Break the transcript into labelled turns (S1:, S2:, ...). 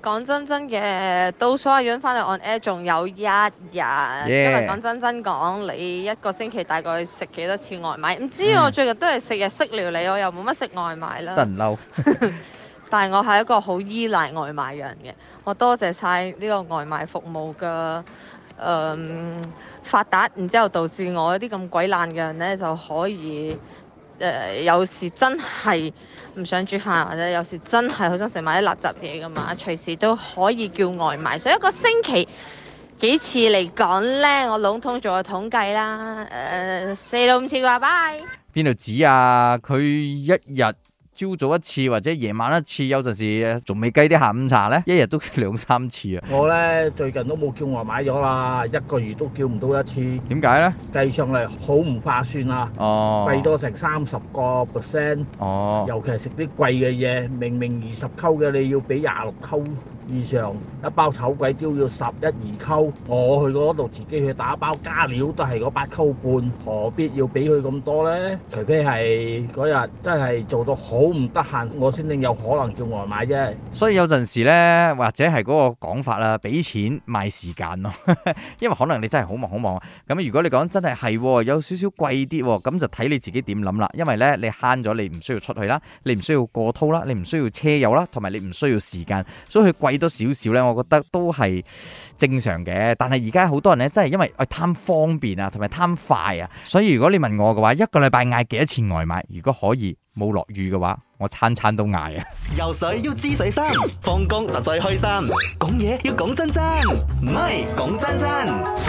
S1: 講真真嘅，到所有樣翻嚟按 a 仲有一日。因為講真真講，你一個星期大概食幾多次外賣？唔知、mm. 我最近都係食日式料理，我又冇乜食外賣啦。得
S2: 嬲？
S1: 但係我係一個好依賴外賣嘅人嘅。我多謝晒呢個外賣服務嘅誒、嗯、發達，然之後導致我一啲咁鬼爛嘅人咧就可以。誒、呃、有時真係唔想煮飯，或者有時真係好想食埋啲垃圾嘢㗎嘛，隨時都可以叫外賣。所以一個星期幾次嚟講咧，我籠統做個統計啦。誒、呃、四到五次啩，拜。
S2: 邊度指啊？佢一日。朝早一次或者夜晚一次，有陣時仲未計啲下午茶咧，一日都兩三次啊！
S1: 我咧
S3: 最近都冇叫外買咗啦，一個月都叫唔到一次。點解咧？計上嚟好唔划算啊！哦，計多成三十個 percent。哦，尤其係食啲貴嘅嘢，明明二十溝嘅你要俾廿六溝。日常一包丑鬼蕉要十一二溝，我去嗰度自己去打包加料都係嗰八溝半，何必要俾佢咁多咧？除非係嗰日真係做到好唔得閒，我先至有可能叫外賣啫。
S2: 所以有陣時咧，或者係嗰個講法啦，俾錢買時間咯，因為可能你真係好忙好忙。咁如果你講真係係有少少貴啲，咁就睇你自己點諗啦。因為咧你慳咗，你唔需要出去啦，你唔需要過濤啦，你唔需要車友啦，同埋你唔需要時間，所以佢貴。多少少呢，小小我覺得都係正常嘅。但係而家好多人呢，真係因為貪方便啊，同埋貪快啊。所以如果你問我嘅話，一個禮拜嗌幾多次外賣？如果可以冇落雨嘅話，我餐餐都嗌啊！游水要知水深，放工就最開心，講嘢要講真真，唔係講真真。